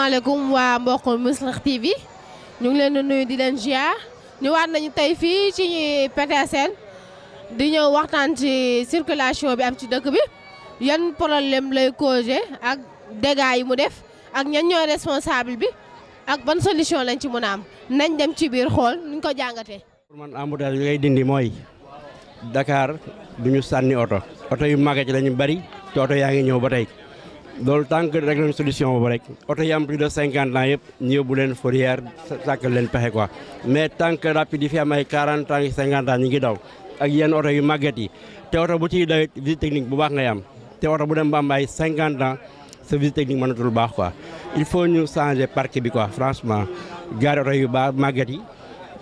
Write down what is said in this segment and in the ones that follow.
asalaamaaleykum waa mbokk Mouslih bi ñu ngi leen di nuyu di leen ziar ñëwaat nañu tey fii ci Petersen di ñëw waxtaan ci circulation bi am ci dëkk bi yan problème lay causer ak dégâts yi mu def ak ñan ñooy responsable bi ak ban solution lañ ci mën a am nañ dem ci biir xool nuñ ko jàngatee. man embouteillage bi ngay dindi mooy Dakar du ñu sànni oto oto yu màgg ci lañu bari te oto yaa ngi ñëw ba tey. loolu tànk que rek lañ solution boobu rek oto yi am plus de cinquante ans yëpp ñu yóbbu leen fourrière sàkkal leen pexe quoi mais tant que rapide fi am ay quarante ans cinquante ans ñu ngi daw ak yenn oto yu màgget yi te oto bu ciy dawit visite technique bu baax ngay am te oto bu dem ba am ay cinquante ans sa visite technique mënatul baax quoi il faut ñu changer parc bi quoi franchement gaari oto yu baax màgget yi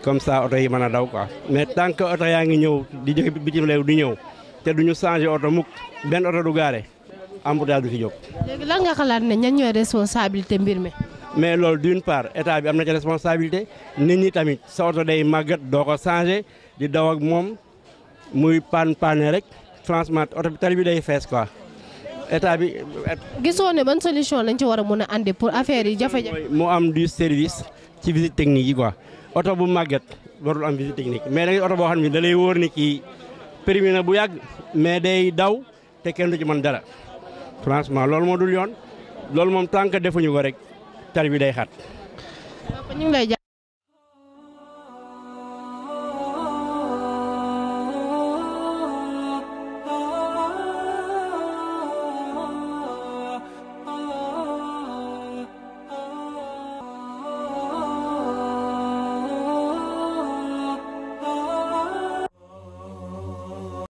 comme sa oto yi mën a daw quoi mais tant que oto yaa ngi ñëw di jóge bitim réew di ñëw te du ñu changer oto mukk benn oto du gaare embouteillage du fi jóg. léegi lan nga xalaat ne ñan ñooy responsabilité mbir mi. mais loolu d'une part état bi am na ci responsabilité nit ñi tamit sa oto day màggat doo ko changé di daw ak moom muy pan pané rek franchement oto bi tali bi day fees quoi état bi. gisoo ne ban solution lañ ci war a mun a andi pour affaire yi jafe-jafe. mu am du service ci visite technique yi quoi oto bu màggat loolu am visite technique mais da oto boo xam ne da lay wóor ni kii périmé na bu yàgg mais day daw te kenn du ci mën dara. franchement loolu moo dul yoon loolu moom tànk defuñu ko rek tar bi day xat